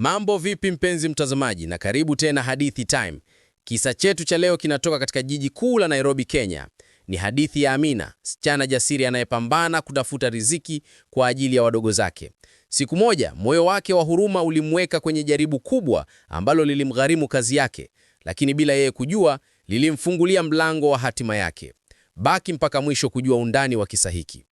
Mambo vipi mpenzi mtazamaji, na karibu tena Hadithi Time. Kisa chetu cha leo kinatoka katika jiji kuu la Nairobi, Kenya. Ni hadithi ya Amina, msichana jasiri anayepambana kutafuta riziki kwa ajili ya wadogo zake. Siku moja, moyo wake wa huruma ulimweka kwenye jaribu kubwa ambalo lilimgharimu kazi yake, lakini bila yeye kujua, lilimfungulia mlango wa hatima yake. Baki mpaka mwisho kujua undani wa kisa hiki.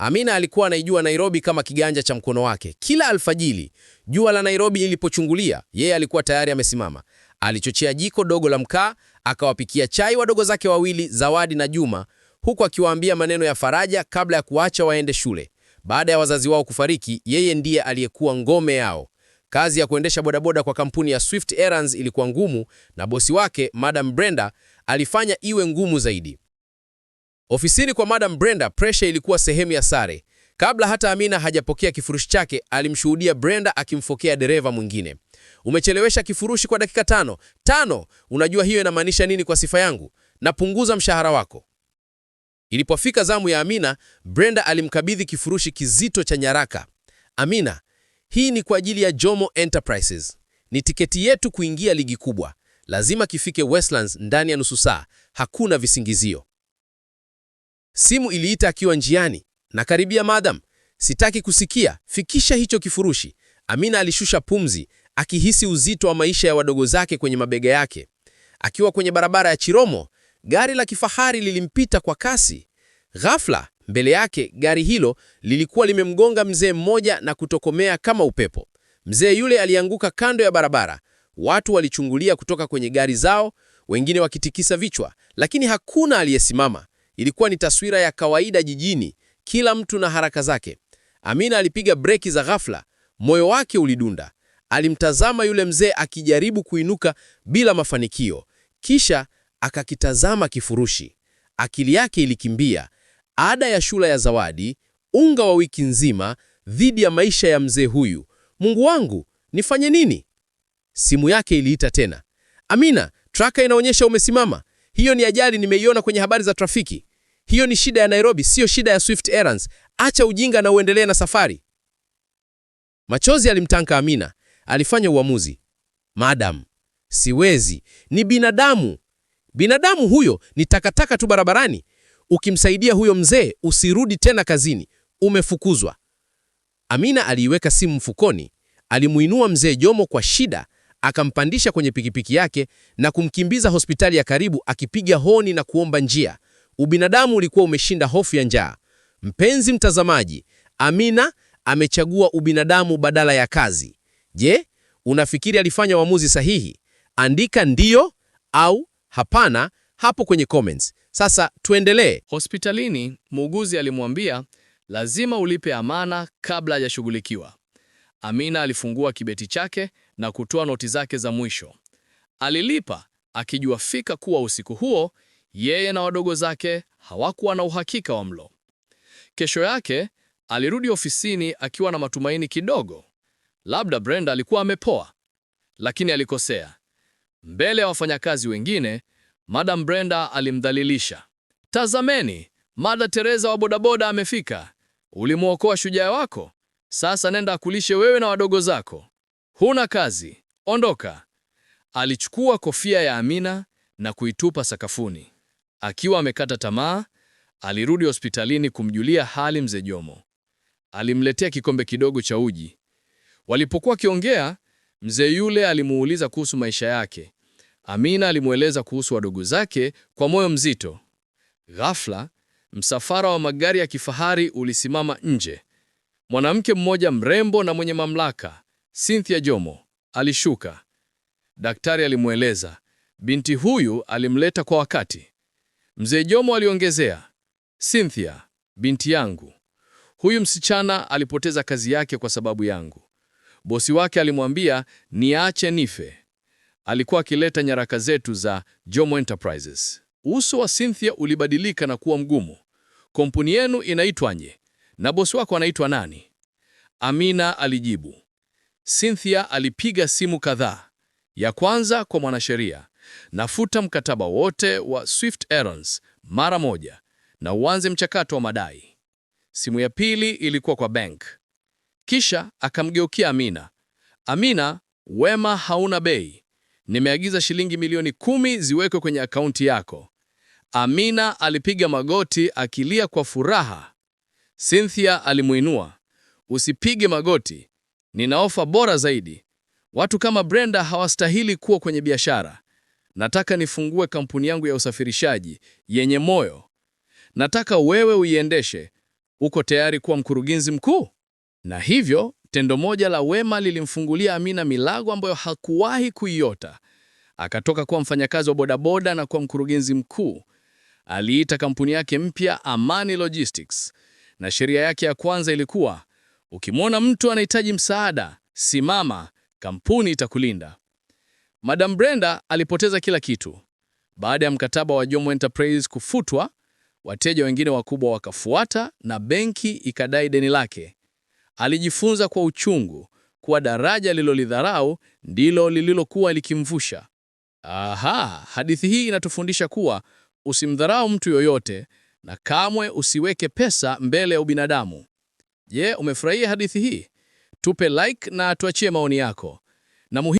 Amina alikuwa anaijua Nairobi kama kiganja cha mkono wake. Kila alfajili jua la Nairobi lilipochungulia, yeye alikuwa tayari amesimama. Alichochea jiko dogo la mkaa, akawapikia chai wadogo zake wawili, Zawadi na Juma, huku akiwaambia maneno ya faraja kabla ya kuacha waende shule. Baada ya wazazi wao kufariki, yeye ndiye aliyekuwa ngome yao. Kazi ya kuendesha bodaboda kwa kampuni ya Swift Errands ilikuwa ngumu, na bosi wake Madam Brenda alifanya iwe ngumu zaidi. Ofisini kwa Madam Brenda, presha ilikuwa sehemu ya sare. Kabla hata Amina hajapokea kifurushi chake, alimshuhudia Brenda akimfokea dereva mwingine. Umechelewesha kifurushi kwa dakika tano tano. Unajua hiyo inamaanisha nini kwa sifa yangu? Napunguza mshahara wako. Ilipofika zamu ya Amina, Brenda alimkabidhi kifurushi kizito cha nyaraka. Amina, hii ni kwa ajili ya Jomo Enterprises. Ni tiketi yetu kuingia ligi kubwa. Lazima kifike Westlands ndani ya nusu saa. Hakuna visingizio. Simu iliita akiwa njiani na karibia. Madam, sitaki kusikia, fikisha hicho kifurushi. Amina alishusha pumzi akihisi uzito wa maisha ya wadogo zake kwenye mabega yake. Akiwa kwenye barabara ya Chiromo, gari la kifahari lilimpita kwa kasi. Ghafla mbele yake, gari hilo lilikuwa limemgonga mzee mmoja na kutokomea kama upepo. Mzee yule alianguka kando ya barabara. Watu walichungulia kutoka kwenye gari zao, wengine wakitikisa vichwa, lakini hakuna aliyesimama. Ilikuwa ni taswira ya kawaida jijini, kila mtu na haraka zake. Amina alipiga breki za ghafla, moyo wake ulidunda. Alimtazama yule mzee akijaribu kuinuka bila mafanikio, kisha akakitazama kifurushi. Akili yake ilikimbia: ada ya shule ya Zawadi, unga wa wiki nzima dhidi ya maisha ya mzee huyu. Mungu wangu, nifanye nini? Simu yake iliita tena. Amina, traka inaonyesha umesimama. Hiyo ni ajali, nimeiona kwenye habari za trafiki. Hiyo ni shida ya Nairobi, siyo shida ya Swift Errands. Acha ujinga na uendelee na safari. Machozi alimtanka Amina. Alifanya uamuzi. Madam, siwezi. Ni binadamu. Binadamu huyo ni takataka tu barabarani. Ukimsaidia huyo mzee, usirudi tena kazini. Umefukuzwa. Amina aliiweka simu mfukoni, alimuinua mzee Jomo kwa shida, akampandisha kwenye pikipiki yake na kumkimbiza hospitali ya karibu akipiga honi na kuomba njia. Ubinadamu ulikuwa umeshinda hofu ya njaa. Mpenzi mtazamaji, Amina amechagua ubinadamu badala ya kazi. Je, unafikiri alifanya uamuzi sahihi? Andika ndiyo au hapana hapo kwenye comments. Sasa tuendelee. Hospitalini, muuguzi alimwambia lazima ulipe amana kabla hajashughulikiwa. Amina alifungua kibeti chake na kutoa noti zake za mwisho. Alilipa akijua fika kuwa usiku huo yeye na wadogo zake hawakuwa na uhakika wa mlo. Kesho yake alirudi ofisini akiwa na matumaini kidogo, labda Brenda alikuwa amepoa. Lakini alikosea. Mbele ya wafanyakazi wengine, Madam Brenda alimdhalilisha. Tazameni, Mada Teresa wa bodaboda amefika. Ulimwokoa shujaa wako, sasa nenda akulishe wewe na wadogo zako. Huna kazi, ondoka. Alichukua kofia ya Amina na kuitupa sakafuni. Akiwa amekata tamaa, alirudi hospitalini kumjulia hali mzee Jomo. Alimletea kikombe kidogo cha uji. Walipokuwa wakiongea, mzee yule alimuuliza kuhusu maisha yake. Amina alimweleza kuhusu wadogo zake kwa moyo mzito. Ghafla, msafara wa magari ya kifahari ulisimama nje. Mwanamke mmoja mrembo na mwenye mamlaka, Cynthia Jomo, alishuka. Daktari alimweleza, binti huyu alimleta kwa wakati. Mzee Jomo aliongezea, Cynthia, binti yangu, huyu msichana alipoteza kazi yake kwa sababu yangu. Bosi wake alimwambia niache nife. Alikuwa akileta nyaraka zetu za Jomo Enterprises. Uso wa Cynthia ulibadilika na kuwa mgumu. Kampuni yenu inaitwaje na bosi wako anaitwa nani? Amina alijibu. Cynthia alipiga simu kadhaa, ya kwanza kwa mwanasheria nafuta mkataba wote wa Swift Errands mara moja na uanze mchakato wa madai. Simu ya pili ilikuwa kwa bank. Kisha akamgeukia Amina. Amina, wema hauna bei, nimeagiza shilingi milioni kumi ziwekwe kwenye akaunti yako. Amina alipiga magoti akilia kwa furaha. Cynthia alimuinua. Usipige magoti, nina ofa bora zaidi. Watu kama Brenda hawastahili kuwa kwenye biashara. Nataka nifungue kampuni yangu ya usafirishaji yenye moyo. Nataka wewe uiendeshe. Uko tayari kuwa mkurugenzi mkuu? Na hivyo tendo moja la wema lilimfungulia Amina milango ambayo hakuwahi kuiota. Akatoka kuwa mfanyakazi wa bodaboda na kuwa mkurugenzi mkuu. Aliita kampuni yake mpya Amani Logistics, na sheria yake ya kwanza ilikuwa ukimwona mtu anahitaji msaada, simama, kampuni itakulinda. Madam Brenda alipoteza kila kitu. Baada ya mkataba wa Jomo Enterprise kufutwa, wateja wengine wakubwa wakafuata na benki ikadai deni lake. Alijifunza kwa uchungu kuwa daraja lilolidharau ndilo lililokuwa likimvusha. Aha, hadithi hii inatufundisha kuwa usimdharau mtu yoyote na kamwe usiweke pesa mbele ya ubinadamu. Je, umefurahia hadithi hii? Tupe like na tuachie maoni yako na